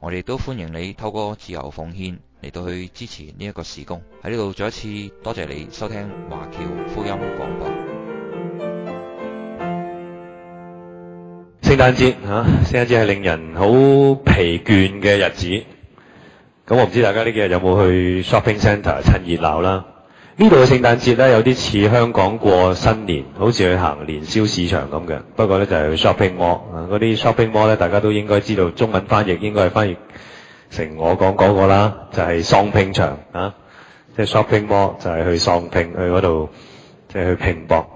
我哋都歡迎你透過自由奉獻嚟到去支持呢一個事工。喺呢度再一次多謝你收聽華僑福音廣播。聖誕節吓，聖誕節係令人好疲倦嘅日子。咁我唔知大家呢幾日有冇去 shopping centre 趁熱鬧啦。呢度嘅聖誕節咧，有啲似香港過新年，好似去行年宵市場咁嘅。不過咧，就係去 shopping mall 啊，嗰啲 shopping mall 咧，大家都應該知道中文翻譯應該係翻譯成我講嗰個啦，就係喪拼場啊，即係 shopping mall 就係去喪拼，去嗰度即係去拼搏。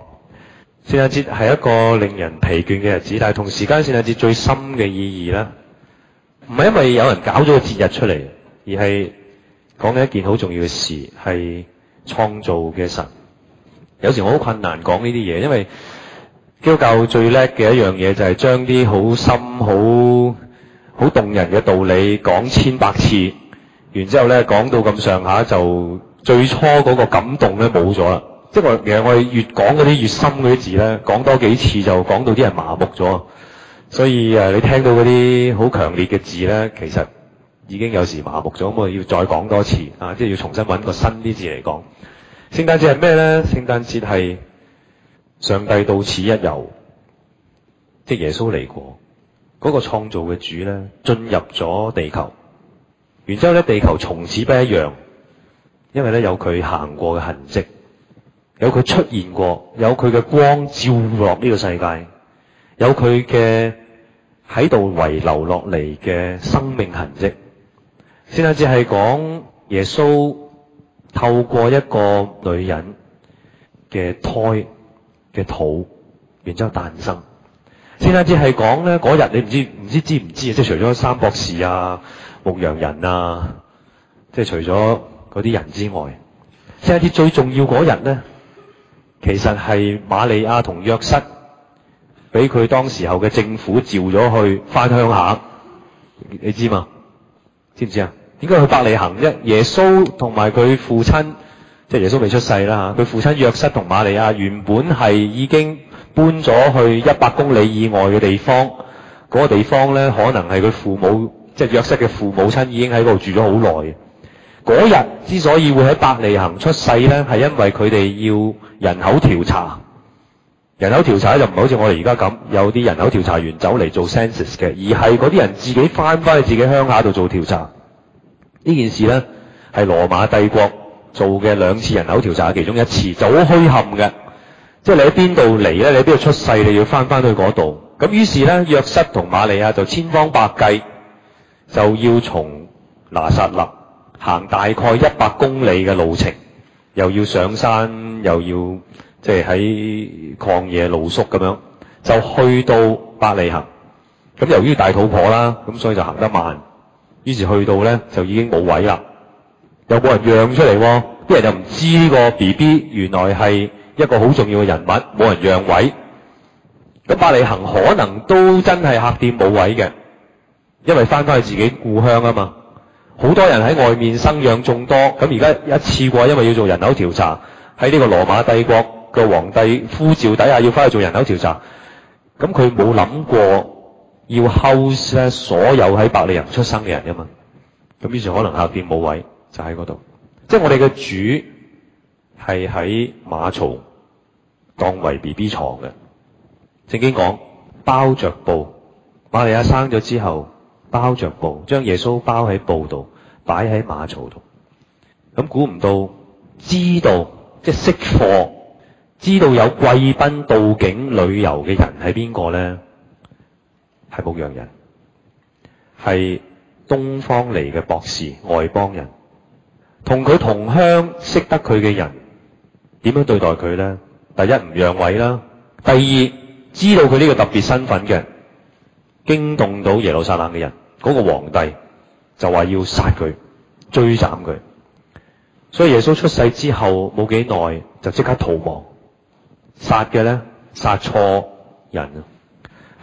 聖誕節係一個令人疲倦嘅日子，但係同時間，聖誕節最深嘅意義咧，唔係因為有人搞咗個節日出嚟，而係講緊一件好重要嘅事係。創造嘅神，有時我好困難講呢啲嘢，因為基督教，教，教最叻嘅一樣嘢就係將啲好深、好好動人嘅道理講千百次，然之後咧講到咁上下就最初嗰個感動咧冇咗啦。嗯、即係我，其實我哋越講嗰啲越深嗰啲字咧，講多幾次就講到啲人麻木咗。所以誒，你聽到嗰啲好強烈嘅字咧，其實～已經有時麻木咗，咁我要再講多次啊！即係要重新揾個新啲字嚟講，聖誕節係咩咧？聖誕節係上帝到此一遊，即係耶穌嚟過嗰個創造嘅主咧，進入咗地球，然之後咧，地球從此不一樣，因為咧有佢行過嘅痕跡，有佢出現過，有佢嘅光照落呢個世界，有佢嘅喺度遺留落嚟嘅生命痕跡。聖誕節係講耶穌透過一個女人嘅胎嘅肚，然之後誕生。聖誕節係講咧嗰日，你唔知唔知知唔知啊？即係除咗三博士啊、牧羊人啊，即係除咗嗰啲人之外，聖誕節最重要嗰日咧，其實係瑪利亞同約瑟俾佢當時候嘅政府召咗去翻鄉下，你知嘛？知唔知啊？應該去伯利恒啫。耶穌同埋佢父親，即係耶穌未出世啦。佢父親約瑟同瑪利亞原本係已經搬咗去一百公里以外嘅地方。嗰個地方呢，可能係佢父母，即係約瑟嘅父母親已經喺嗰度住咗好耐。嗰日之所以會喺伯利恒出世呢，係因為佢哋要人口調查。人口調查就唔係好似我哋而家咁，有啲人口調查員走嚟做 census 嘅，而係嗰啲人自己翻返去自己鄉下度做調查。呢件事呢，係羅馬帝國做嘅兩次人口調查其中一次，就好虛陷嘅。即係你喺邊度嚟咧？你喺邊度出世，你要翻翻去嗰度。咁於是呢，約瑟同瑪利亞就千方百計，就要從拿撒勒行大概一百公里嘅路程，又要上山，又要即係喺曠野露宿咁樣，就去到伯利恆。咁由於大肚婆啦，咁所以就行得慢。於是去到咧就已經冇位啦，又冇人讓出嚟，啲人又唔知呢個 B B 原來係一個好重要嘅人物，冇人讓位。咁伯利恆可能都真係客店冇位嘅，因為翻返去自己故鄉啊嘛，好多人喺外面生養眾多，咁而家一次過因為要做人口調查，喺呢個羅馬帝國嘅皇帝呼召底下要翻去做人口調查，咁佢冇諗過。要 house 晒所有喺伯利恆人出生嘅人噶嘛。咁於是可能後邊冇位，就喺嗰度。即係我哋嘅主係喺馬槽當為 B B 床嘅。聖經講包着布，瑪利亞生咗之後包着布，將耶穌包喺布度擺喺馬槽度。咁估唔到，知道即係識貨，知道有貴賓到境旅遊嘅人係邊個咧？係牧羊人，係東方嚟嘅博士，外邦人。同佢同鄉識得佢嘅人，點樣對待佢咧？第一唔讓位啦，第二知道佢呢個特別身份嘅，驚動到耶路撒冷嘅人，嗰個皇帝就話要殺佢，追斬佢。所以耶穌出世之後冇幾耐，就即刻逃亡。殺嘅咧，殺錯人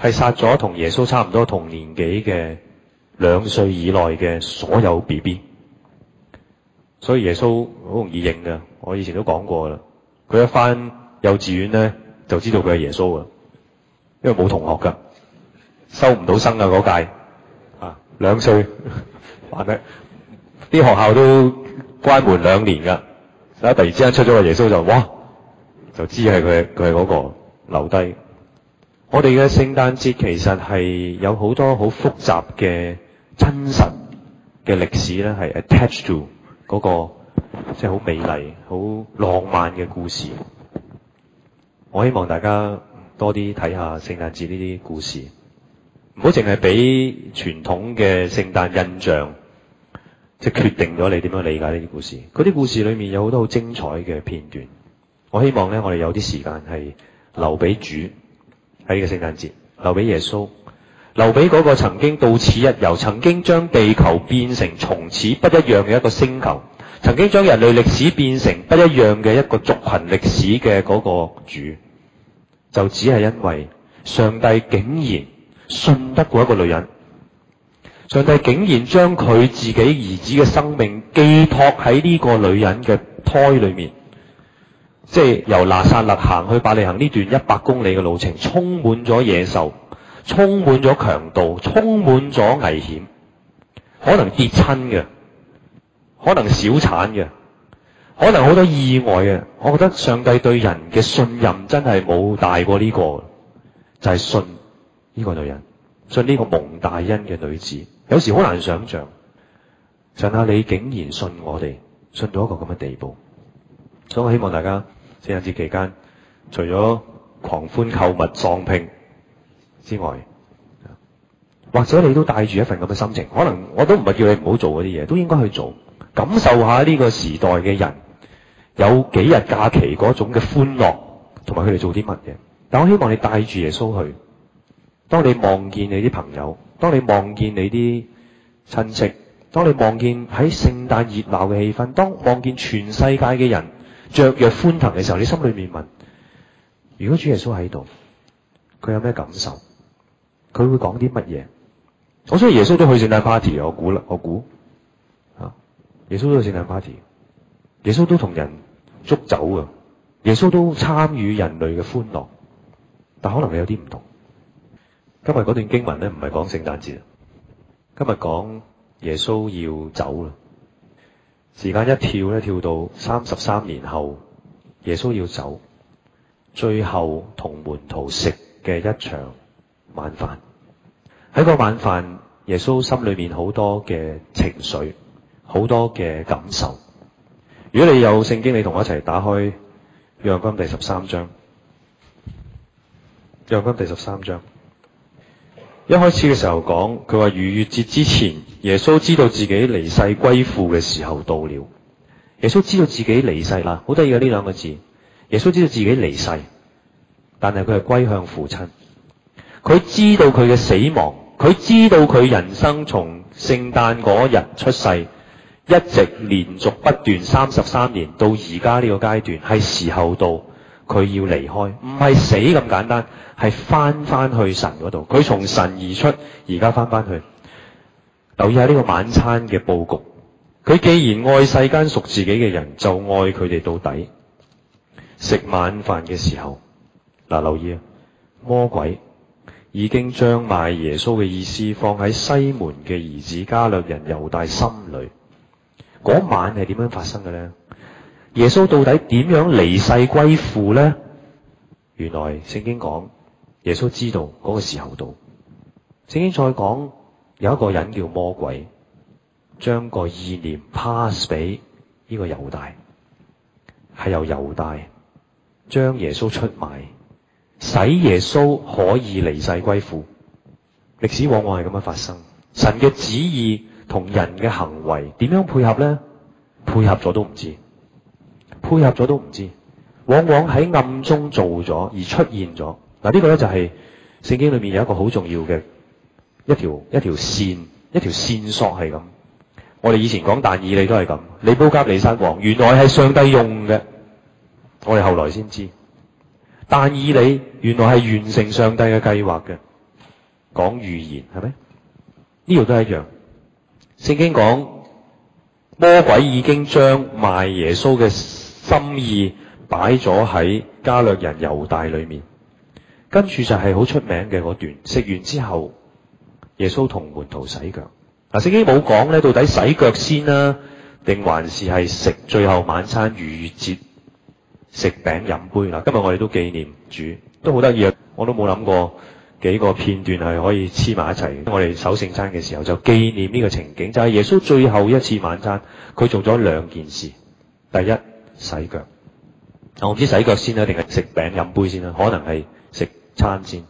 係殺咗同耶穌差唔多同年紀嘅兩歲以內嘅所有 B B，所以耶穌好容易認噶。我以前都講過啦，佢一返幼稚園咧，就知道佢係耶穌啊，因為冇同學噶，收唔到生啊嗰屆啊，兩歲煩咩？啲 的 學校都關門兩年噶，所以突然之間出咗個耶穌就哇，就知係佢，佢係嗰個留低。我哋嘅聖誕節其實係有好多好複雜嘅真實嘅歷史咧，係 attach to 嗰個即係好美麗、好浪漫嘅故事。我希望大家多啲睇下聖誕節呢啲故事，唔好淨係俾傳統嘅聖誕印象，即係決定咗你點樣理解呢啲故事。嗰啲故事裏面有好多好精彩嘅片段。我希望咧，我哋有啲時間係留俾主。喺呢個聖誕節，留俾耶穌，留俾嗰個曾經到此一遊，曾經將地球變成從此不一樣嘅一個星球，曾經將人類歷史變成不一樣嘅一個族群歷史嘅嗰個主，就只係因為上帝竟然信得過一個女人，上帝竟然將佢自己兒子嘅生命寄託喺呢個女人嘅胎裏面。即係由拿撒勒行去伯利恒呢段一百公里嘅路程，充滿咗野獸，充滿咗強盜，充滿咗危險，可能跌親嘅，可能小產嘅，可能好多意外嘅。我覺得上帝對人嘅信任真係冇大過呢、這個，就係、是、信呢個女人，信呢個蒙大恩嘅女子。有時好難想象，神啊，你竟然信我哋，信到一個咁嘅地步。所以我希望大家。聖誕節期間，除咗狂歡購物、喪拼之外，或者你都帶住一份咁嘅心情，可能我都唔係叫你唔好做嗰啲嘢，都應該去做，感受下呢個時代嘅人有幾日假期嗰種嘅歡樂，同埋佢哋做啲乜嘢。但我希望你帶住耶穌去，當你望見你啲朋友，當你望見你啲親戚，當你望見喺聖誕熱鬧嘅氣氛，當望見全世界嘅人，雀躍歡騰嘅時候，你心裏面問：如果主耶穌喺度，佢有咩感受？佢會講啲乜嘢？我相信耶穌都去聖誕 party，我估啦，我估。啊，耶穌都去聖誕 party，耶穌都同人捉走噶，耶穌都參與人類嘅歡樂，但可能有啲唔同。今日段經文咧，唔係講聖誕節，今日講耶穌要走啦。時間一跳咧，一跳到三十三年後，耶穌要走，最後同門徒食嘅一場晚飯。喺個晚飯，耶穌心裏面好多嘅情緒，好多嘅感受。如果你有聖經，你同我一齊打開《約翰福音》第十三章，《約翰福音》第十三章。一開始嘅時候講，佢話逾越節之前，耶穌知道自己離世歸父嘅時候到了。耶穌知道自己離世啦，好得意嘅呢兩個字。耶穌知道自己離世，但係佢係歸向父親。佢知道佢嘅死亡，佢知道佢人生從聖誕嗰日出世，一直連續不斷三十三年到而家呢個階段，係時候到。佢要離開，唔係死咁簡單，係翻翻去神嗰度。佢從神而出，而家翻翻去。留意下呢個晚餐嘅布局。佢既然愛世間屬自己嘅人，就愛佢哋到底。食晚飯嘅時候，嗱，留意啊，魔鬼已經將賣耶穌嘅意思放喺西門嘅兒子加略人猶大心裏。嗰晚係點樣發生嘅咧？耶穌到底點樣離世歸父咧？原來聖經講耶穌知道嗰個時候到。聖經再講有一個人叫魔鬼，將個意念 pass 俾呢個猶大，係由猶大將耶穌出賣，使耶穌可以離世歸父。歷史往往係咁樣發生，神嘅旨意同人嘅行為點樣配合咧？配合咗都唔知。配合咗都唔知，往往喺暗中做咗而出現咗嗱。呢、啊這個咧就係聖經裏面有一個好重要嘅一條一條線一條線索係咁。我哋以前講但以理都係咁，尼布甲尼撒王原來係上帝用嘅，我哋後來先知。但以理原來係完成上帝嘅計劃嘅，講預言係咪？呢條、這個、都一樣。聖經講魔鬼已經將賣耶穌嘅。心意擺咗喺加略人猶大裏面，跟住就係好出名嘅嗰段。食完之後，耶穌同門徒洗腳。嗱、啊，聖經冇講咧，到底洗腳先啦、啊，定還是係食最後晚餐逾節食餅飲杯啦？今日我哋都紀念主，都好得意啊！我都冇諗過幾個片段係可以黐埋一齊。我哋守聖餐嘅時候就紀念呢個情景，就係、是、耶穌最後一次晚餐，佢做咗兩件事，第一。洗腳，我唔知洗腳先啦，定係食餅飲杯先啦，可能係食餐先。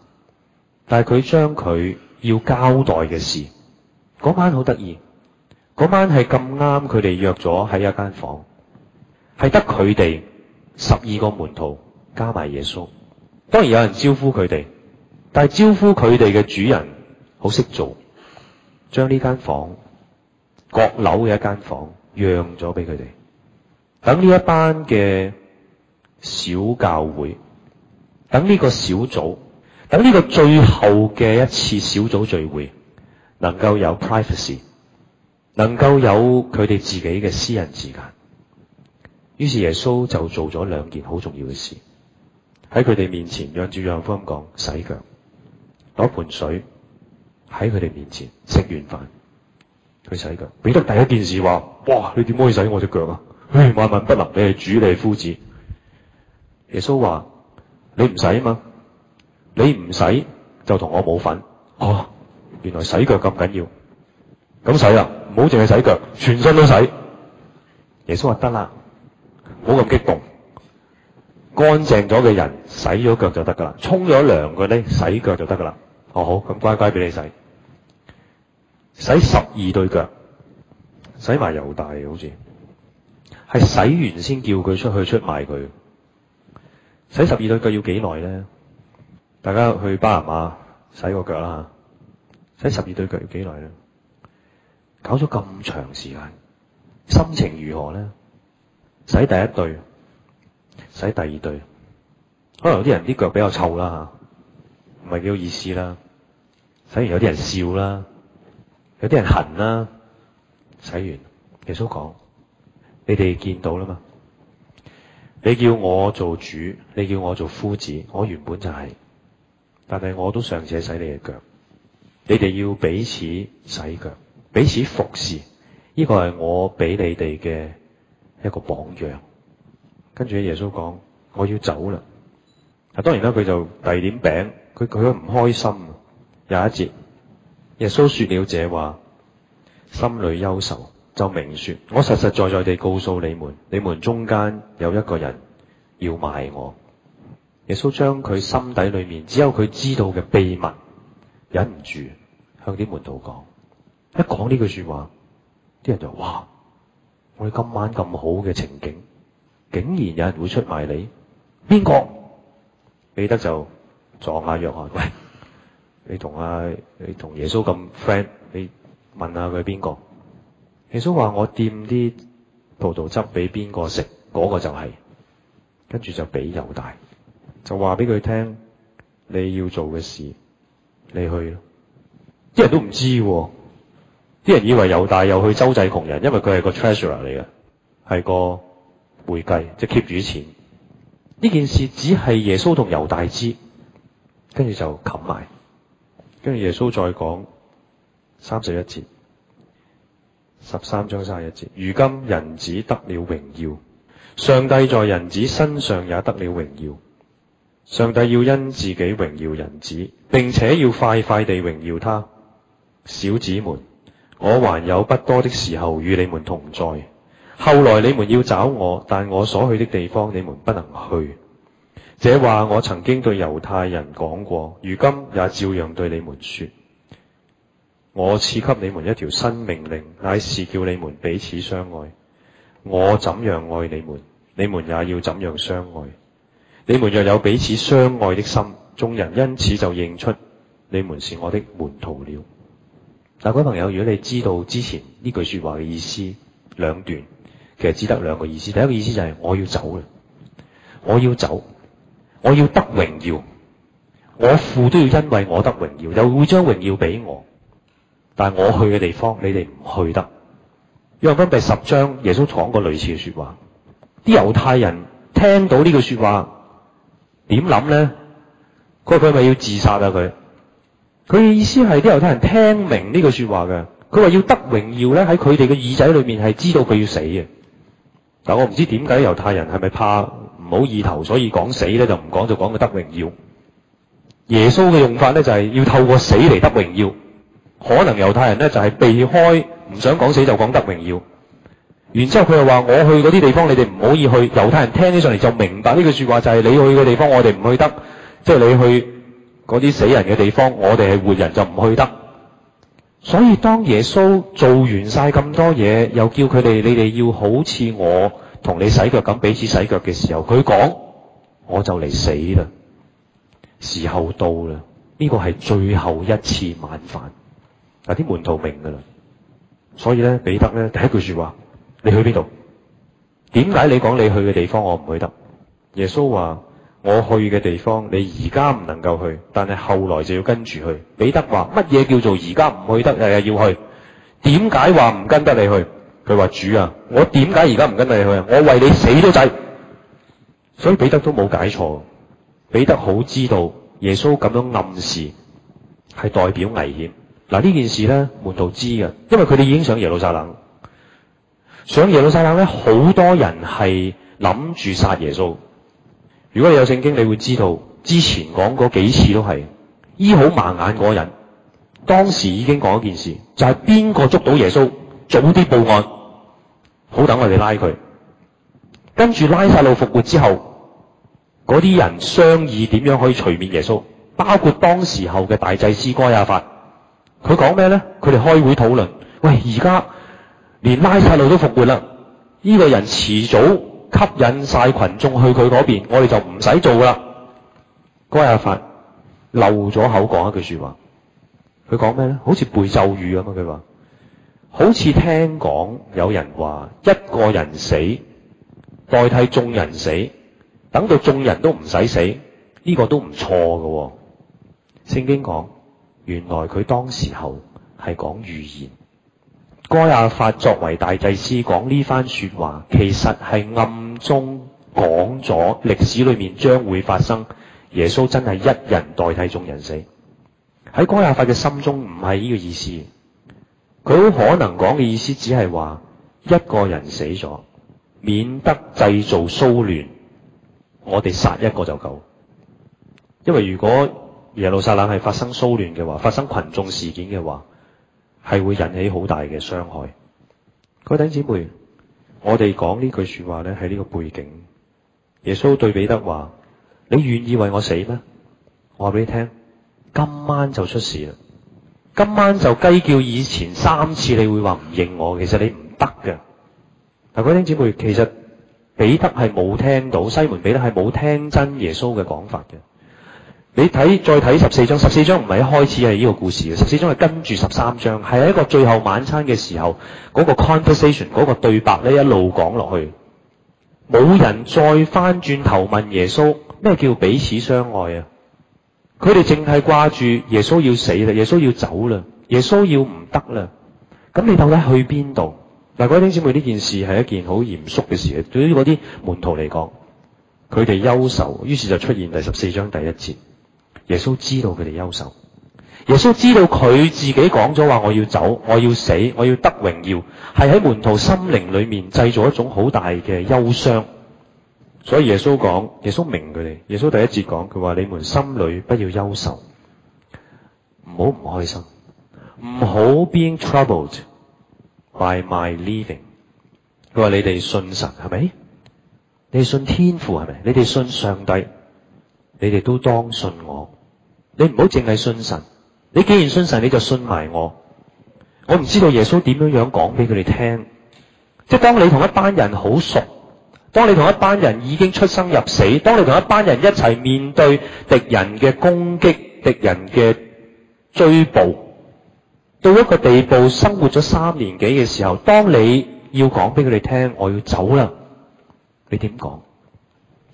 但係佢將佢要交代嘅事，嗰晚好得意，嗰晚係咁啱佢哋約咗喺一間房，係得佢哋十二個門徒加埋耶穌，當然有人招呼佢哋，但係招呼佢哋嘅主人好識做，將呢間房閣樓嘅一間房讓咗俾佢哋。等呢一班嘅小教會，等呢個小組，等呢個最後嘅一次小組聚會，能夠有 privacy，能夠有佢哋自己嘅私人時間。於是耶穌就做咗兩件好重要嘅事，喺佢哋面前讓住讓方講洗腳，攞盆水，喺佢哋面前食完飯，佢洗腳。彼得第一件事話：哇，你點可以洗我隻腳啊？哎、萬萬不能！你係主，你係夫子。耶穌話：你唔使洗嘛？你唔使，就同我冇份。哦，原來洗腳咁緊要，咁洗啦、啊！唔好淨係洗腳，全身都洗。耶穌話：得啦，唔好咁激動。乾淨咗嘅人，洗咗腳就得噶啦。沖咗涼嘅咧，洗腳就得噶啦。哦，好，咁乖乖俾你洗，洗十二對腳，洗埋油大好似。係洗完先叫佢出去出賣佢。洗十二對腳要幾耐咧？大家去巴拿馬洗個腳啦，洗十二對腳要幾耐咧？搞咗咁長時間，心情如何咧？洗第一對，洗第二對，可能有啲人啲腳比較臭啦吓，唔係幾有意思啦。洗完有啲人笑啦，有啲人痕啦。洗完，耶穌講。你哋見到啦嘛？你叫我做主，你叫我做夫子，我原本就係、是，但係我都尚且洗你嘅腳。你哋要彼此洗腳，彼此服侍，呢、這個係我俾你哋嘅一個榜樣。跟住耶穌講，我要走啦。啊，當然啦，佢就遞點餅，佢佢都唔開心。有一節，耶穌說了這話，心裏憂愁。就明說，我實實在在地告訴你們，你們中間有一個人要賣我。耶穌將佢心底裏面只有佢知道嘅秘密，忍唔住向啲門徒講。一講呢句說話，啲人就話：，哇！我哋今晚咁好嘅情景，竟然有人會出賣你？邊個誰？彼得就撞下約翰：，喂，你同阿、啊、你同耶穌咁 friend，你問下佢係邊個？耶穌話，我掂啲葡萄汁俾邊個食，嗰個就係。跟住就俾猶大，就話俾佢聽你要做嘅事，你去咯。啲人都唔知啊，啲人以為猶大又去周濟窮人，因為佢係個 treasurer 嚟嘅，係個會計，即係 keep 住錢。呢件事只係耶穌同猶大知，跟住就冚埋，跟住耶穌再講三十一節。十三章三一節，如今人子得了榮耀，上帝在人子身上也得了榮耀。上帝要因自己榮耀人子，並且要快快地榮耀他。小子們，我還有不多的時候與你們同在。後來你們要找我，但我所去的地方你們不能去。這話我曾經對猶太人講過，如今也照樣對你們說。我賜給你們一條新命令，乃是叫你們彼此相愛。我怎樣愛你們，你們也要怎樣相愛。你們若有彼此相愛的心，眾人因此就認出你們是我的門徒了。但各位朋友，如果你知道之前呢句說話嘅意思，兩段其實只得兩個意思。第一個意思就係我要走啦，我要走，我要得榮耀，我父都要因為我得榮耀，又會將榮耀俾我。但係我去嘅地方，你哋唔去得。約翰第十章，耶穌講過類似嘅說話。啲猶太人聽到呢句說話，點諗咧？佢話佢咪要自殺啊？佢佢意思係啲猶太人聽明呢句話說話嘅。佢話要得榮耀咧，喺佢哋嘅耳仔裏面係知道佢要死嘅。但我唔知點解猶太人係咪怕唔好意頭，所以講死咧就唔講，就講佢得榮耀。耶穌嘅用法咧就係要透過死嚟得榮耀。可能猶太人咧就係避開唔想講死，就講得榮耀。然之後佢又話：我去嗰啲地方，你哋唔可以去。猶太人聽起上嚟就明白呢句説話，就係你去嘅地方，我哋唔去得。即係你去嗰啲死人嘅地方，我哋係活人就唔去得。所以當耶穌做完晒咁多嘢，又叫佢哋，你哋要好似我同你洗腳咁彼此洗腳嘅時候，佢講：我就嚟死啦，時候到啦，呢個係最後一次晚飯。嗱，啲門徒明噶啦，所以咧，彼得咧第一句話說話：，你去邊度？點解你講你去嘅地方我唔去得？耶穌話：，我去嘅地方你而家唔能夠去，但係後來就要跟住去。彼得話：，乜嘢叫做而家唔去得？日日要去，點解話唔跟得你去？佢話：主啊，我點解而家唔跟得你去啊？我為你死都制，所以彼得都冇解錯。彼得好知道耶穌咁樣暗示係代表危險。嗱，呢件事咧，門徒知嘅，因為佢哋已經上耶路撒冷。上耶路撒冷咧，好多人係諗住殺耶穌。如果你有聖經，你會知道之前講過幾次都係醫好盲眼嗰人，當時已經講一件事，就係邊個捉到耶穌，早啲報案，好等我哋拉佢。跟住拉撒路復活之後，嗰啲人商議點樣可以除滅耶穌，包括當時候嘅大祭司哥亞法。佢講咩咧？佢哋開會討論。喂，而家連拉撒路都復活啦！呢個人遲早吸引晒群眾去佢嗰邊，我哋就唔使做啦。該亞法漏咗口講一句說話，佢講咩咧？好似背咒語咁啊！佢話好似聽講有人話一個人死代替眾人死，等到眾人都唔使死，呢個都唔錯噶。聖經講。原來佢當時候係講預言，該亞法作為大祭司講呢番說話，其實係暗中講咗歷史裏面將會發生耶穌真係一人代替眾人死。喺該亞法嘅心中唔係呢個意思，佢好可能講嘅意思只係話一個人死咗，免得製造騷亂，我哋殺一個就夠。因為如果耶路撒冷係發生騷亂嘅話，發生群眾事件嘅話，係會引起好大嘅傷害。各位弟兄姊妹，我哋講呢句說話咧，喺呢個背景，耶穌對彼得話：你願意為我死咩？我話俾你聽，今晚就出事啦，今晚就雞叫以前三次，你會話唔認我。其實你唔得嘅。嗱，各位弟兄姊妹，其實彼得係冇聽到，西門彼得係冇聽真耶穌嘅講法嘅。你睇再睇十四章，十四章唔係一開始係呢個故事嘅，十四章係跟住十三章，係一個最後晚餐嘅時候嗰個 conversation，嗰個對白咧一路講落去，冇人再翻轉頭問耶穌咩叫彼此相愛啊？佢哋淨係掛住耶穌要死啦，耶穌要走啦，耶穌要唔得啦，咁你到底去邊度？嗱，各位弟兄姊妹，呢件事係一件好嚴肅嘅事，對於嗰啲門徒嚟講，佢哋憂愁，於是就出現第十四章第一節。耶穌知道佢哋憂愁。耶穌知道佢自己講咗話，我要走，我要死，我要得榮耀，係喺門徒心靈裏面製造一種好大嘅憂傷，所以耶穌講，耶穌明佢哋，耶穌第一節講佢話，你們心裏不要憂愁，唔好唔開心，唔好 being troubled by my leaving。佢話你哋信神係咪？你哋信天父係咪？你哋信上帝？你哋都當信我，你唔好淨係信神。你既然信神，你就信埋我。我唔知道耶穌點樣樣講俾佢哋聽。即係當你同一班人好熟，當你同一班人已經出生入死，當你同一班人一齊面對敵人嘅攻擊、敵人嘅追捕，到一個地步生活咗三年幾嘅時候，當你要講俾佢哋聽我要走啦，你點講？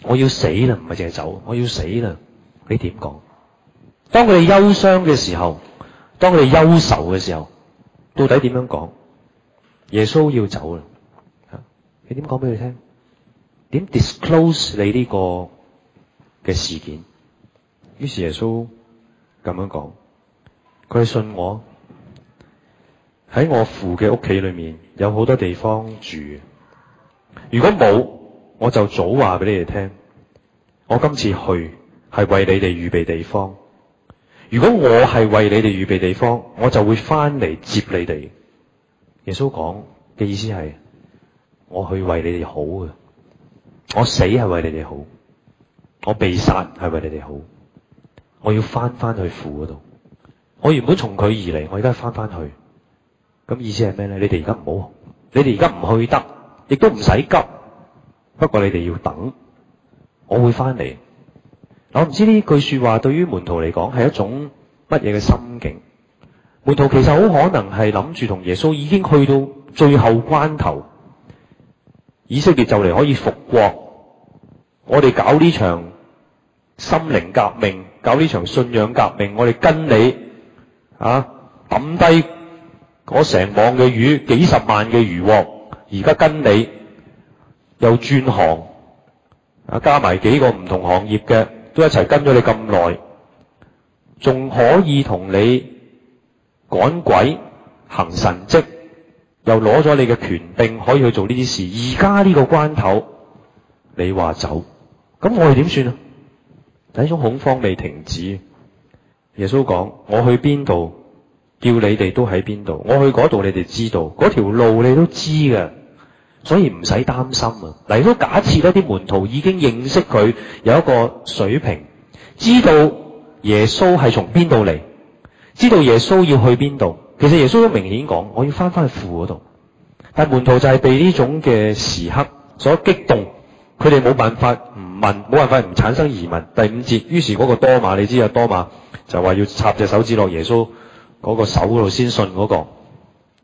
我要死啦，唔係淨係走，我要死啦！你點講？當佢哋憂傷嘅時候，當佢哋憂愁嘅時候，到底點樣講？耶穌要走啦，吓，你點講俾佢聽？點 disclose 你呢個嘅事件？於是耶穌咁樣講：佢係信我喺我父嘅屋企裏面有好多地方住，如果冇，我就早話俾你哋聽，我今次去係為你哋預備地方。如果我係為你哋預備地方，我就會翻嚟接你哋。耶穌講嘅意思係，我去為你哋好嘅，我死係為你哋好，我被殺係為你哋好，我要翻翻去父嗰度。我原本從佢而嚟，我而家翻翻去。咁意思係咩咧？你哋而家唔好，你哋而家唔去得，亦都唔使急。不過你哋要等，我會翻嚟。我唔知呢句說話對於門徒嚟講係一種乜嘢嘅心境。門徒其實好可能係諗住同耶穌已經去到最後關頭，以色列就嚟可以復國，我哋搞呢場心靈革命，搞呢場信仰革命，我哋跟你啊，抌低嗰成網嘅魚，幾十萬嘅漁獲，而家跟你。又轉行，啊加埋幾個唔同行業嘅，都一齊跟咗你咁耐，仲可以同你趕鬼行神跡，又攞咗你嘅權柄，可以去做呢啲事。而家呢個關頭，你話走，咁我哋點算啊？第一種恐慌未停止。耶穌講：我去邊度，叫你哋都喺邊度。我去嗰度，你哋知道，嗰條路你都知嘅。所以唔使擔心啊！嚟到假設嗰啲門徒已經認識佢有一個水平，知道耶穌係從邊度嚟，知道耶穌要去邊度。其實耶穌都明顯講我要翻返去父嗰度。但門徒就係被呢種嘅時刻所激動，佢哋冇辦法唔問，冇辦法唔產生疑問。第五節，於是嗰個多瑪你知啊，多瑪就話要插隻手指落耶穌嗰個手嗰度先信嗰個。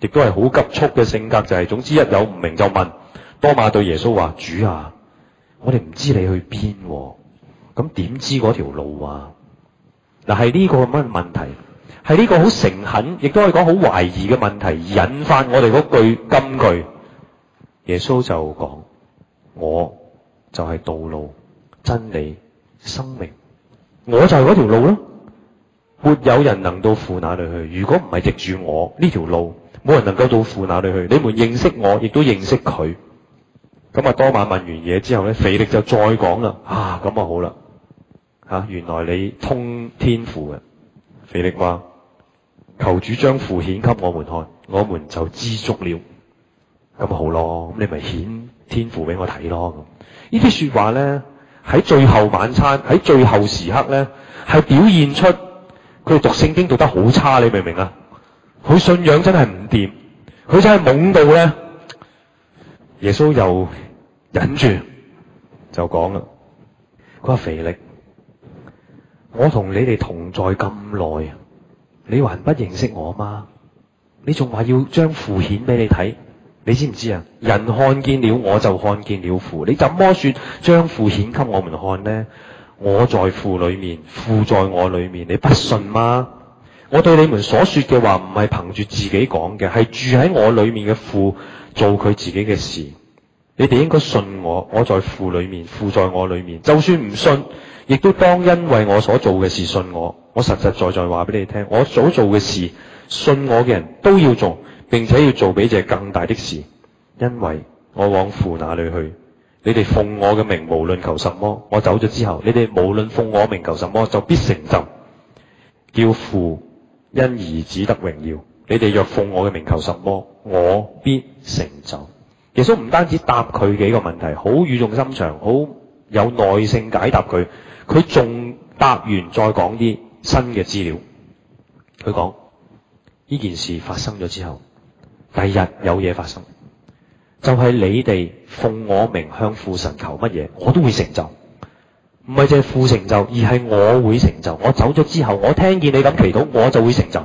亦都係好急促嘅性格，就係、是、總之一有唔明就問。多馬對耶穌話：主啊，我哋唔知你去邊，咁、啊、點知嗰條路啊？嗱、啊，係呢個乜問題？係呢個好誠懇，亦都可以講好懷疑嘅問題，引發我哋嗰句金句。耶穌就講：我就係道路、真理、生命，我就係嗰條路咯、啊。沒有人能到父那裏去，如果唔係藉住我呢條路。冇人能夠到父那裏去，你們認識我，亦都認識佢。咁啊，多馬問完嘢之後咧，腓力就再講啦。啊，咁啊好啦，吓，原來你通天父嘅。腓力話：求主將父顯給我們看，我們就知足了。咁好咯，咁你咪顯天父俾我睇咯。咁呢啲說話咧，喺最後晚餐，喺最後時刻咧，係表現出佢哋讀聖經讀得好差，你明唔明啊？佢信仰真係唔掂，佢真係懵到咧。耶穌又忍住就講啦，佢話，腓力，我同你哋同在咁耐，你還不認識我嗎？你仲話要將父顯俾你睇，你知唔知啊？人看見了我就看見了父，你怎麼說將父顯給我們看呢？我在父裏面，父在我裏面，你不信嗎？我對你們所說嘅話唔係憑住自己講嘅，係住喺我裏面嘅父做佢自己嘅事。你哋應該信我，我在父裏面，父在我裏面。就算唔信，亦都當因為我所做嘅事信我。我實實在在話俾你聽，我所做嘅事，信我嘅人都要做，並且要做比這更大的事，因為我往父那裏去。你哋奉我嘅名無論求什麼，我走咗之後，你哋無論奉我名求什麼，就必成就。叫父。因而兒子得榮耀。你哋若奉我嘅名求什麼，我必成就。耶穌唔單止答佢幾個問題，好語重心長，好有耐性解答佢。佢仲答完再講啲新嘅資料。佢講呢件事發生咗之後，第日有嘢發生，就係、是、你哋奉我名向父神求乜嘢，我都會成就。唔係淨係負成就，而係我會成就。我走咗之後，我聽見你咁祈禱，我就會成就。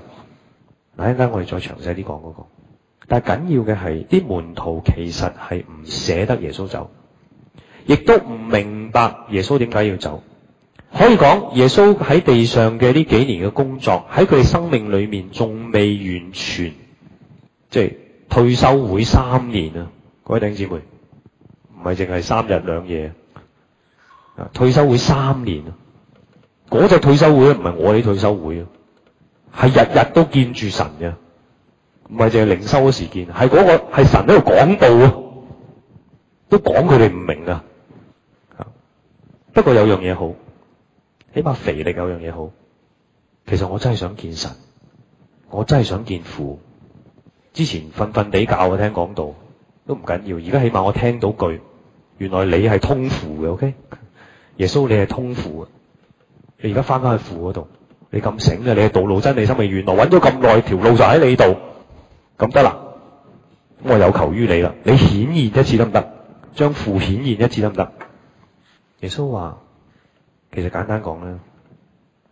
嗱，一陣間我哋再詳細啲講嗰個。但係緊要嘅係，啲門徒其實係唔捨得耶穌走，亦都唔明白耶穌點解要走。可以講耶穌喺地上嘅呢幾年嘅工作，喺佢哋生命裏面仲未完全，即係退修會三年啊！各位弟兄姊妹，唔係淨係三日兩夜。啊！退休會三年，嗰隻退休會唔係我哋退休會，係日日都見住神嘅，唔係淨係靈修嗰時見，係嗰個係神喺度講道啊，都講佢哋唔明噶。不過有樣嘢好，起碼肥力有樣嘢好，其實我真係想見神，我真係想見父。之前瞓瞓地教我聽講道，都唔緊要，而家起碼我聽到句，原來你係通父嘅，OK？耶穌，你係通父啊！你而家翻返去父嗰度，你咁醒咧，你係道路真理，你心未？原來揾咗咁耐，條路就喺你度，咁得啦。咁我有求於你啦，你顯現一次得唔得？將父顯現一次得唔得？耶穌話，其實簡單講咧，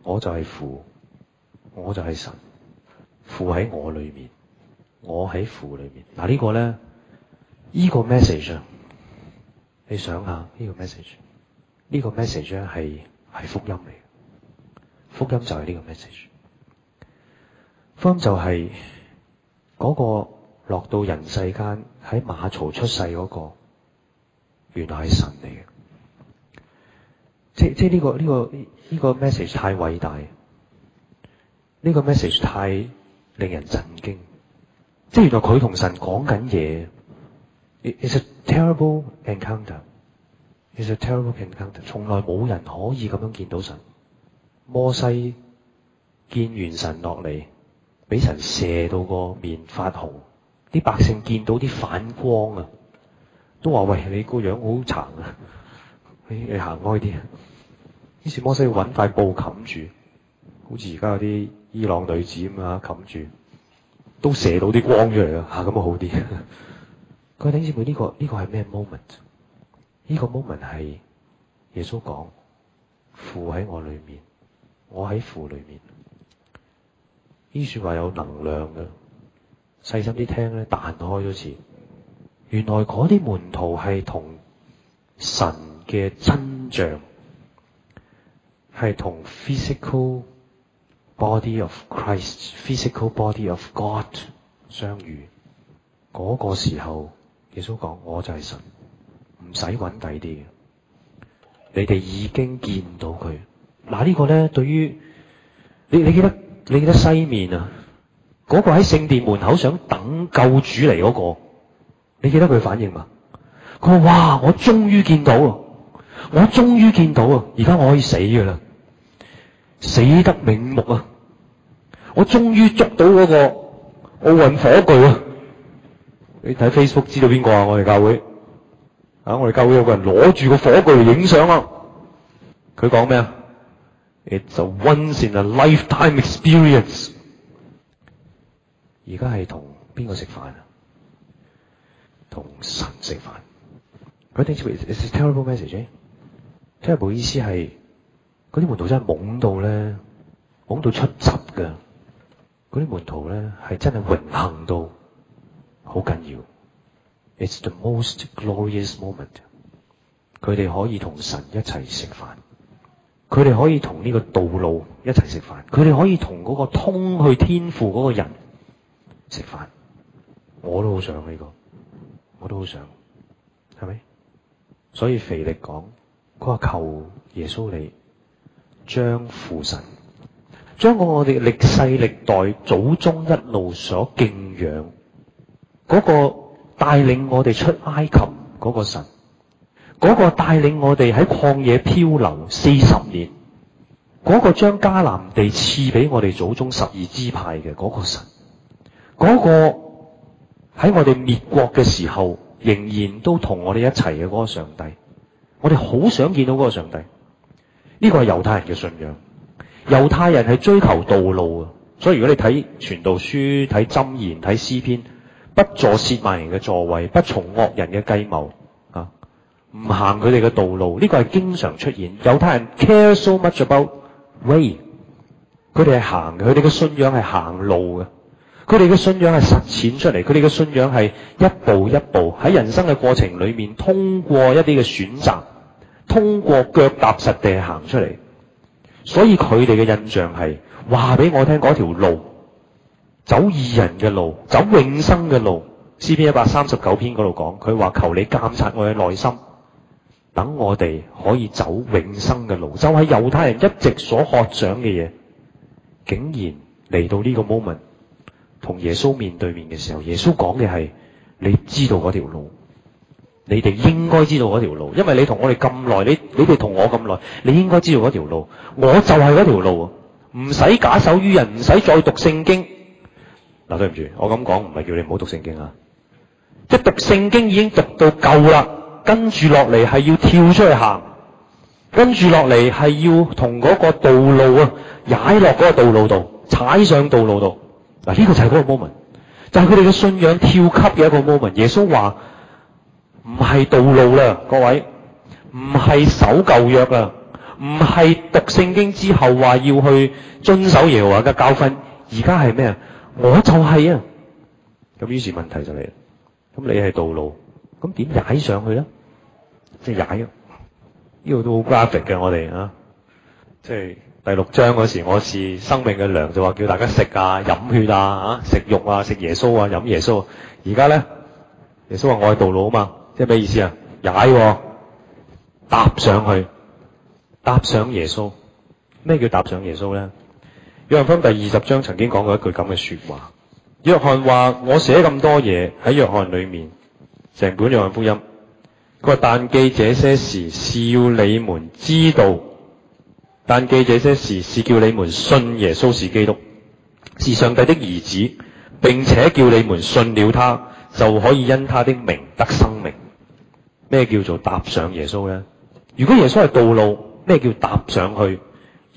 我就係父，我就係神，父喺我裏面，我喺父裏面。嗱，呢個咧，呢個 message，你想下呢個 message。呢個 message 係係福音嚟嘅，福音就係呢個 message。福音就係嗰個落到人世間喺馬槽出世嗰個，原來係神嚟嘅。即即呢個呢個呢個 message 太偉大，呢個 message 太令人震驚。即原來佢同神講緊嘢，It's a terrible encounter。其實 terrible，從來冇人可以咁樣見到神。摩西見完神落嚟，俾神射到個面發紅，啲百姓見到啲反光啊，都話：喂，你個樣好殘啊！你你行開啲。於是摩西要搵塊布冚住，好似而家有啲伊朗女子咁啊，冚住，都射到啲光出嚟啊，吓，咁啊好啲。佢頂住佢呢個呢、呢個係咩 moment？呢個 moment 係耶穌講，父喺我裏面，我喺父裏面。呢說話有能量嘅，細心啲聽咧，彈開咗前，原來啲門徒係同神嘅真像，係同 physical body of Christ，physical body of God 相遇。嗰個時候，耶穌講，我就係神。唔使揾第啲嘅，你哋已經見到佢。嗱呢個咧，對於你你記得你記得西面啊，嗰個喺聖殿門口想等救主嚟嗰個，你記得佢反應嘛？佢話：哇，我終於見到啊！我終於見到啊！而家我可以死噶啦，死得瞑目啊！我終於捉到嗰個奧運火炬啊！你睇 Facebook 知道邊個啊？我哋教會。啊！我哋教會有個人攞住個火炬嚟影相啊，佢講咩啊？It's a once-in-a-lifetime experience。而家係同邊個食飯啊？同神食飯。It's a terrible message，terrible 嘅意思係嗰啲門徒真係懵到咧，懵到出汁噶。嗰啲門徒咧係真係榮幸到好緊要。It's the most glorious moment。佢哋可以同神一齊食飯，佢哋可以同呢個道路一齊食飯，佢哋可以同個通去天父個人食飯。我都好想呢、這個，我都好想，係咪？所以腓力講，佢話求耶穌嚟將父神，將我我哋歷世歷代祖宗一路所敬仰、那個。帶領我哋出埃及嗰個神，嗰個帶領我哋喺曠野漂流四十年，嗰個將迦南地賜俾我哋祖宗十二支派嘅嗰個神，嗰個喺我哋滅國嘅時候仍然都同我哋一齊嘅嗰個上帝，我哋好想見到嗰個上帝。呢個係猶太人嘅信仰，猶太人係追求道路啊！所以如果你睇傳道書、睇箴言、睇詩篇。不坐褻慢人嘅座位，不從惡人嘅計謀，啊，唔行佢哋嘅道路。呢個係經常出現。猶太人 care so much about way，佢哋係行嘅，佢哋嘅信仰係行路嘅。佢哋嘅信仰係實踐出嚟，佢哋嘅信仰係一步一步喺人生嘅過程裏面，通過一啲嘅選擇，通過腳踏實地行出嚟。所以佢哋嘅印象係話俾我聽嗰條路，走二人嘅路，走永生嘅路。詩篇一百三十九篇度講，佢話，求你監察我嘅內心，等我哋可以走永生嘅路。就係、是、猶太人一直所學長嘅嘢，竟然嚟到呢個 moment，同耶穌面對面嘅時候，耶穌講嘅係你知道條路，你哋應該知道條路，因為你同我哋咁耐，你你哋同我咁耐，你應該知道條路。我就係條路，啊，唔使假手於人，唔使再讀聖經。對唔住，我咁講唔係叫你唔好讀聖經啊！即係讀聖經已經讀到夠啦，跟住落嚟係要跳出去行，跟住落嚟係要同嗰個道路啊踩落嗰個道路度，踩上道路度。嗱，呢個就係嗰個 moment，就係佢哋嘅信仰跳級嘅一個 moment。耶穌話唔係道路啦，各位，唔係守舊約啊，唔係讀聖經之後話要去遵守耶和華嘅教訓，而家係咩啊？我就係啊，咁於是問題就嚟啦。咁你係道路，咁點踩上去咧？即係踩啊，呢度都好 graphic 嘅，我哋啊，即係第六章嗰時，我是生命嘅糧，就話叫大家食啊、飲血啊、吓、啊、食肉啊、食耶穌啊、飲耶穌。而家咧，耶穌話我係道路啊嘛，即係咩意思啊？踩、啊，搭上去，搭上耶穌。咩叫搭上耶穌咧？約翰福音第二十章曾經講過一句咁嘅說話。約翰話：我寫咁多嘢喺約翰裏面，成本約翰福音。佢話：但記這些事是要你們知道，但記這些事是叫你們信耶穌是基督，是上帝的兒子，並且叫你們信了他就可以因他的名得生命。咩叫做踏上耶穌咧？如果耶穌係道路，咩叫踏上去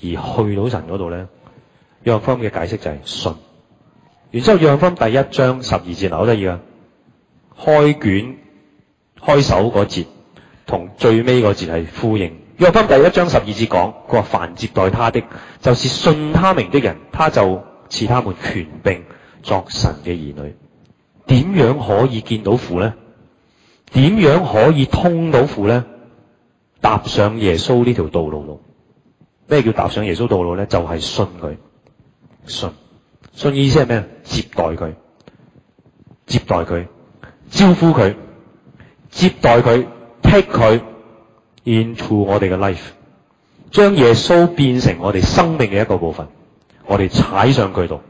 而去到神嗰度咧？約翰嘅解釋就係信。然之後約翰第一章十二節，我得意呀開卷開首個節同最尾個節係呼應。約翰第一章十二節講，佢話凡接待他的，就是信他名的人，他就賜他們權柄作神嘅兒女。點樣可以見到父咧？點樣可以通到父咧？踏上耶穌呢條道路咯？咩叫踏上耶穌道路咧？就係、是、信佢。信，信意思係咩啊？接待佢，接待佢，招呼佢，接待佢，take 佢 into 我哋嘅 life，將耶穌變成我哋生命嘅一個部分，我哋踩上佢度，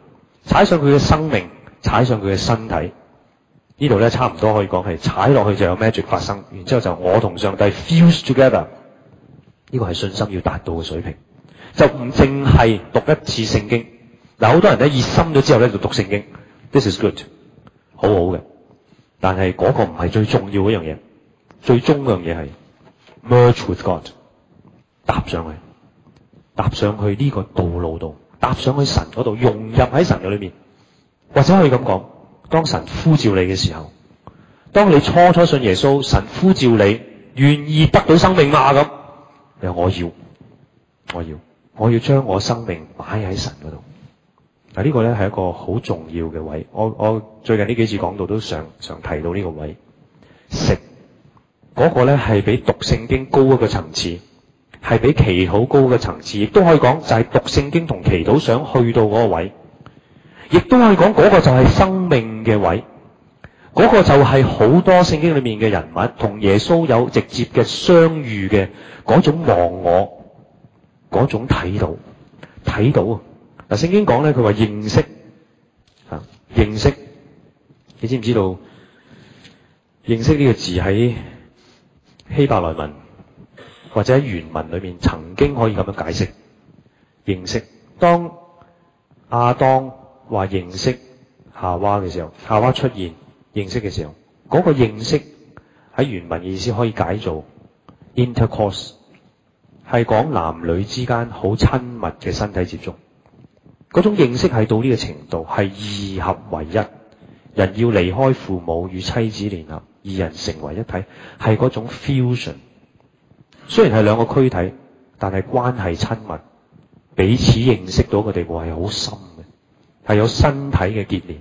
踩上佢嘅生命，踩上佢嘅身體，呢度咧差唔多可以講係踩落去就有 magic 發生，然之後就我同上帝 fuse together，呢個係信心要達到嘅水平，就唔淨係讀一次聖經。嗱，好多人咧熱心咗之後咧就讀聖經。This is good，好好嘅。但係嗰個唔係最重要嗰樣嘢，最終嗰樣嘢係 merge with God，搭上去，搭上去呢個道路度，搭上去神嗰度，融入喺神嘅裏面。或者可以咁講，當神呼召你嘅時候，當你初初信耶穌，神呼召你，願意得到生命嘛，啊？咁你話我要，我要，我要將我，我生命擺喺神嗰度。啊！呢個咧係一個好重要嘅位，我我最近呢幾次講道都常常提到呢個位，食嗰個咧係比讀聖經高一個層次，係比祈禱高嘅層次，亦都可以講就係讀聖經同祈禱想去到嗰個位，亦都可以講嗰個就係生命嘅位，嗰個就係好多聖經裏面嘅人物同耶穌有直接嘅相遇嘅嗰種忘我，嗰種睇到睇到啊！嗱，聖經講咧，佢話認識嚇，認識，你知唔知道？認識呢個字喺希伯來文或者原文裏面曾經可以咁樣解釋。認識，當阿當話認識夏娃嘅時候，夏娃出現認識嘅時候，嗰個認識喺原文意思可以解做 intercourse，係講男女之間好親密嘅身體接觸。嗰種認識係到呢個程度，係二合為一。人要離開父母與妻子聯合，二人成為一體，係種 fusion。雖然係兩個軀體，但係關係親密，彼此認識到嘅地步係好深嘅，係有身體嘅結連，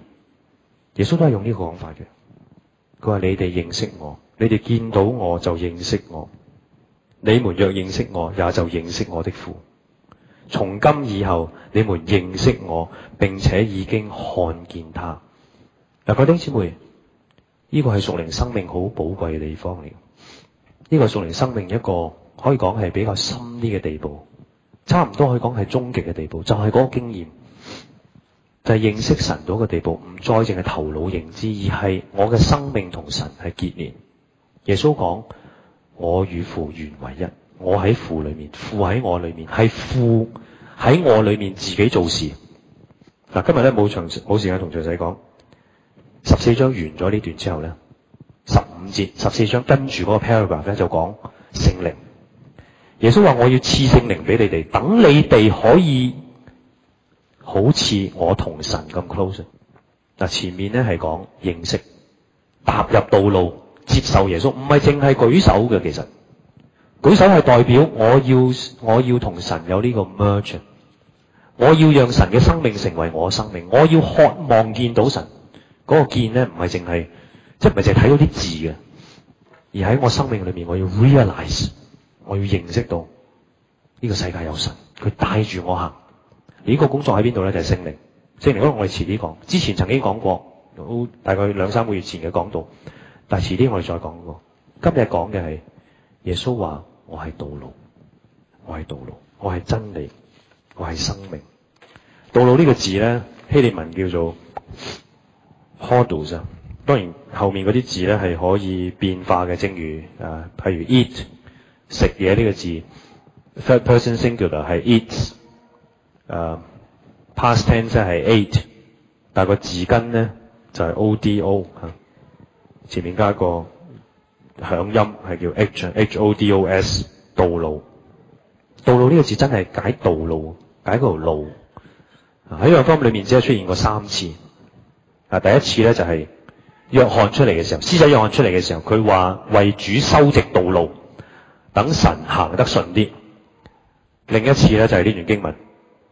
耶穌都係用呢個講法嘅。佢話，你哋認識我，你哋見到我就認識我。你們若認識我，也就認識我的父。從今以後，你們認識我，並且已經看見他。嗱，各位弟兄姊妹，呢個係屬靈生命好寶貴嘅地方嚟，呢個屬靈生命一個可以講係比較深啲嘅地步，差唔多可以講係終極嘅地步，就係嗰個經驗，就係認識神到嘅地步，唔再淨係頭腦認知，而係我嘅生命同神係結連。耶穌講：我與父原為一。我喺父裏面，父喺我裏面，係父喺我裏面自己做事。嗱、啊，今日咧冇長冇時間同詳細講。十四章完咗呢段之後咧，十五節十四章跟住個 paragraph 咧就講聖靈。耶穌話我要賜聖靈俾你哋，等你哋可以好似我同神咁 close。嗱、啊，前面咧係講認識、踏入道路、接受耶穌，唔係淨係舉手嘅，其實。舉手係代表我要我要同神有呢個 merge，我要讓神嘅生命成為我嘅生命，我要渴望見到神嗰，那個見咧，唔係淨係即係唔係淨係睇到啲字嘅，而喺我生命裏面我要 realize，我要認識到呢個世界有神，佢帶住我行。呢，這個工作喺邊度咧？就係聖靈，聖靈嗰個我哋遲啲講，之前曾經講過，大概兩三個月前嘅講道，但係遲啲我哋再講。今日講嘅係。耶穌話：我係道路，我係道路，我係真理，我係生命。道路個呢個字咧，希臘文叫做 hodos。當然後面啲字咧係可以變化嘅，正如啊、呃，譬如 eat 食嘢呢個字，third person singular 係 eats，誒、呃、，past tense 係 ate，但個字根咧就係、是、odo，吓，前面加一個。響音係叫 H H O D O S 道路，道路呢個字真係解道路，解嗰條路。喺呢個方裏面只係出現過三次。啊，第一次咧就係、是、約翰出嚟嘅時候，施洗約翰出嚟嘅時候，佢話為主修直道路，等神行得順啲。另一次咧就係、是、呢段經文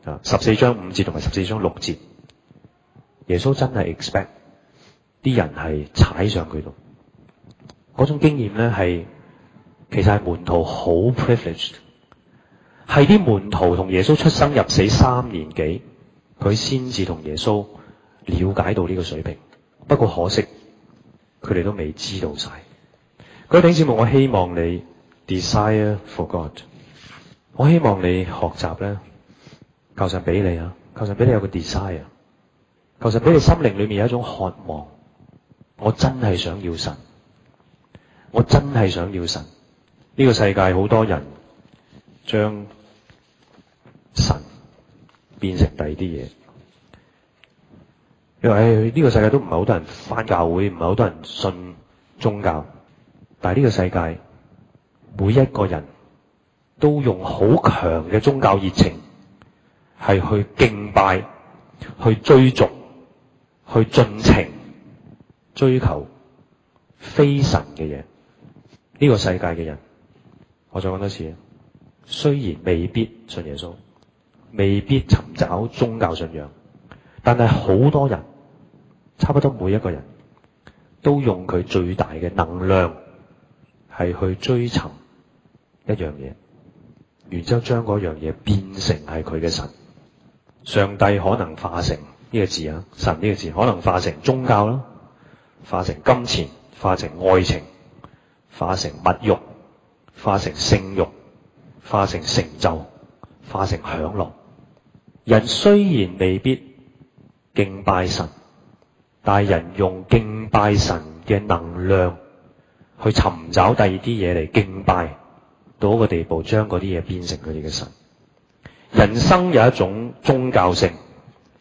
啊，十四章五節同埋十四章六節，耶穌真係 expect 啲人係踩上佢度。嗰種經驗咧係其實係門徒好 privileged，係啲門徒同耶穌出生入死三年幾，佢先至同耶穌了解到呢個水平。不過可惜，佢哋都未知道曬。佢弟兄姊妹，我希望你 desire for God，我希望你學習咧，求神俾你啊，求神俾你有個 desire，求神俾你心靈裏面有一種渴望，我真係想要神。我真係想要神。呢個世界好多人將神變成第二啲嘢。因為誒，哎呢個世界都唔係好多人返教會，唔係好多人信宗教。但係呢個世界，每一個人都用好強嘅宗教熱情，係去敬拜、去追逐、去盡情追求非神嘅嘢。呢個世界嘅人，我再講多次，雖然未必信耶穌，未必尋找宗教信仰，但係好多人，差不多每一個人都用佢最大嘅能量，係去追尋一樣嘢，然之後將樣嘢變成係佢嘅神，上帝可能化成呢個字啊，神呢個字，可能化成宗教啦，化成金錢，化成愛情。化成物欲，化成性欲，化成成就，化成享樂。人雖然未必敬拜神，但係人用敬拜神嘅能量去尋找第二啲嘢嚟敬拜，到一個地步，將嗰啲嘢變成佢哋嘅神。人生有一種宗教性，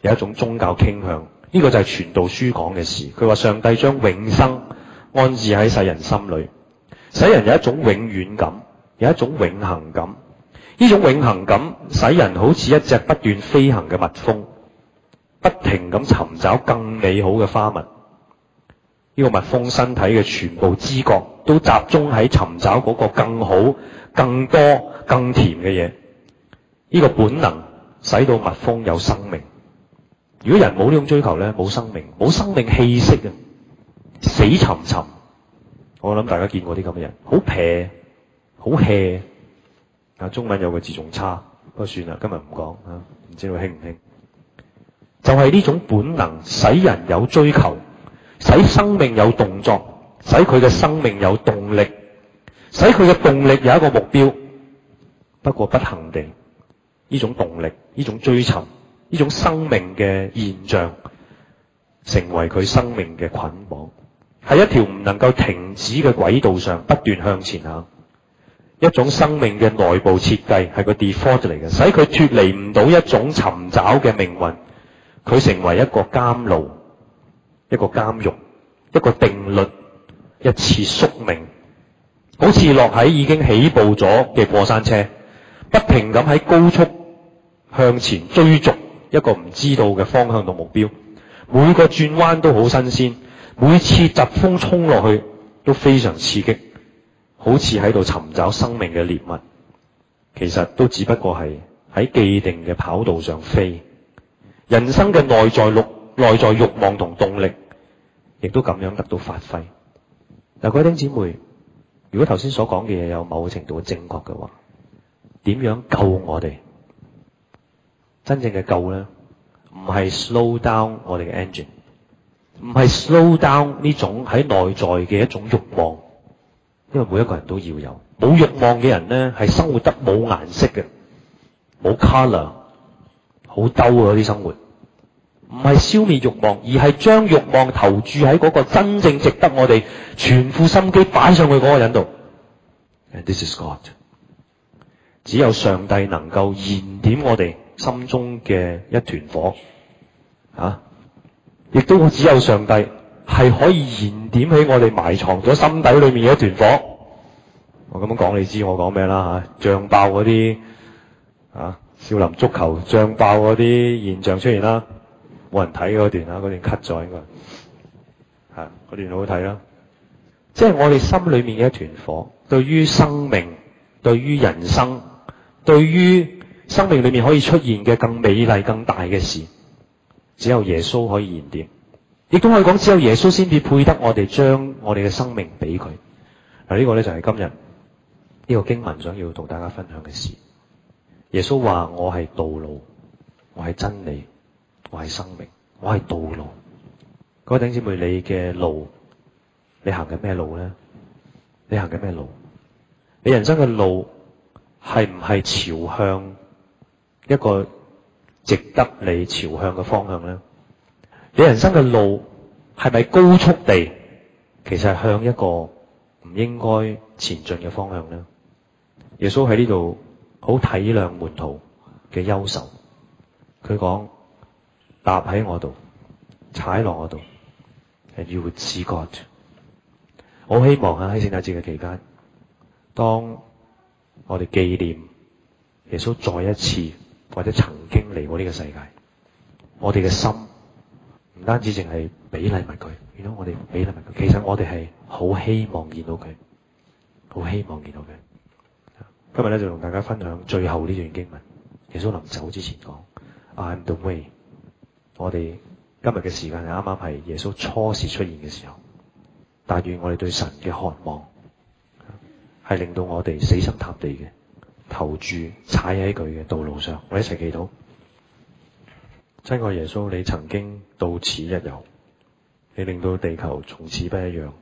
有一種宗教傾向，呢個就係傳道書講嘅事。佢話上帝將永生安置喺世人心裏。使人有一種永遠感，有一種永恒感。呢種永恒感使人好似一隻不斷飛行嘅蜜蜂，不停咁尋找更美好嘅花蜜。呢個蜜蜂身體嘅全部知覺都集中喺尋找嗰個更好、更多、更甜嘅嘢。呢個本能使到蜜蜂有生命。如果人冇呢種追求咧，冇生命，冇生命氣息啊，死沉沉。我諗大家見過啲咁嘅人，好平，好 hea。啊，中文有個字仲差，不過算啦，今日唔講啊，唔知道興唔興。就係呢種本能，使人有追求，使生命有動作，使佢嘅生命有動力，使佢嘅動力有一個目標。不過不幸地，呢種動力、呢種追尋、呢種生命嘅現象，成為佢生命嘅捆綁。喺一條唔能夠停止嘅軌道上，不斷向前行，一種生命嘅內部設計係個 default 嚟嘅，使佢脱離唔到一種尋找嘅命運。佢成為一個監牢，一個監獄，一個定律，一次宿命，好似落喺已經起步咗嘅過山車，不停咁喺高速向前追逐一個唔知道嘅方向同目標，每個轉彎都好新鮮。每次疾風衝落去都非常刺激，好似喺度尋找生命嘅獵物，其實都只不過係喺既定嘅跑道上飛。人生嘅內在欲、內在欲望同動力，亦都咁樣得到發揮。嗱，各位丁姐妹，如果頭先所講嘅嘢有某程度嘅正確嘅話，點樣救我哋？真正嘅救咧，唔係 slow down 我哋嘅 engine。唔係 slow down 呢種喺內在嘅一種欲望，因為每一個人都要有，冇欲望嘅人咧係生活得冇顏色嘅，冇 color，好兜啊啲生活。唔係消滅欲望，而係將欲望投注喺嗰個真正值得我哋全副心機擺上去嗰個人度。And this is God。只有上帝能夠燃點我哋心中嘅一團火。啊？亦都只有上帝係可以燃點起我哋埋藏咗心底裏面嘅一團火。我咁樣講，你知我講咩啦吓，漲爆嗰啲，吓，少林足球漲爆嗰啲現象出現啦，冇人睇嗰段啊，嗰段 cut 咗應該吓，嗰段好睇啦，啊。即係我哋心裏面嘅一團火，對於生命、對於人生、對於生命裏面可以出現嘅更美麗更大嘅事。只有耶穌可以燃點，亦都可以講，只有耶穌先至配得我哋將我哋嘅生命俾佢。嗱呢個咧就係今日呢個經文想要同大家分享嘅事。耶穌話：我係道路，我係真理，我係生命，我係道路。各位弟兄姊妹，你嘅路，你行緊咩路咧？你行緊咩路？你人生嘅路係唔係朝向一個？值得你朝向嘅方向咧？你人生嘅路係咪高速地，其實係向一個唔應該前進嘅方向咧？耶穌喺呢度好體諒門徒嘅憂愁，佢講，搭喺我度，踩落我度，and you would see God。好希望啊，喺聖誕節嘅期間，當我哋紀念耶穌再一次。或者曾經嚟過呢個世界，我哋嘅心唔單止淨係俾禮物佢，原來我哋俾禮物佢，其實我哋係好希望見到佢，好希望見到佢。今日咧就同大家分享最後呢段經文，耶穌臨走之前講：I am the way。我哋今日嘅時間係啱啱係耶穌初時出現嘅時候，但願我哋對神嘅渴望係令到我哋死心塌地嘅。投注踩喺佢嘅道路上，我一齊祈禱。親愛耶穌，你曾經到此一遊，你令到地球從此不一樣，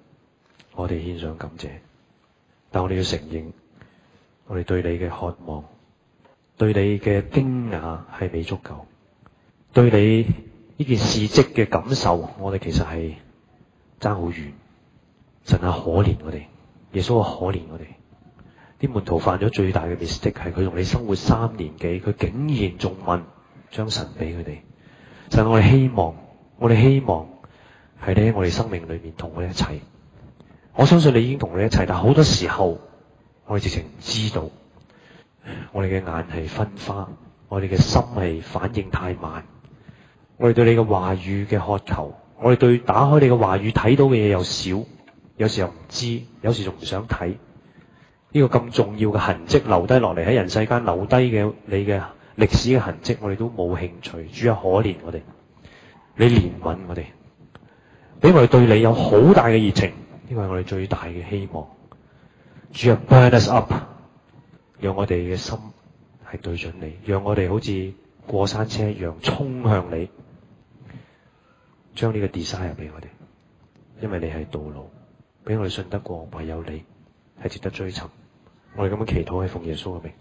我哋獻上感謝。但我哋要承認，我哋對你嘅渴望、對你嘅驚訝係未足夠，對你呢件事跡嘅感受，我哋其實係爭好遠。神啊，可憐我哋！耶穌啊可，可憐我哋！啲門徒犯咗最大嘅 mistake 係佢同你生活三年幾，佢竟然仲問將神俾佢哋。其實我哋希望，我哋希望係你喺我哋生命裏面同佢一齊。我相信你已經同佢一齊，但好多時候，我哋直情唔知道。我哋嘅眼係昏花，我哋嘅心係反應太慢。我哋對你嘅話語嘅渴求，我哋對打開你嘅話語睇到嘅嘢又少，有時候唔知，有時仲唔想睇。呢個咁重要嘅痕跡留低落嚟，喺人世間留低嘅你嘅歷史嘅痕跡，我哋都冇興趣。主啊，可憐我哋，你憐憫我哋，俾我哋對你有好大嘅熱情，呢、呢個係我哋最大嘅希望。主啊，burn us up，讓我哋嘅心係對準你，讓我哋好似過山車一樣衝向你，將呢個 desire 俾我哋，因為你係道路，俾我哋信得過，唯有你係值得追尋。我哋咁樣祈禱喺奉耶穌嘅名。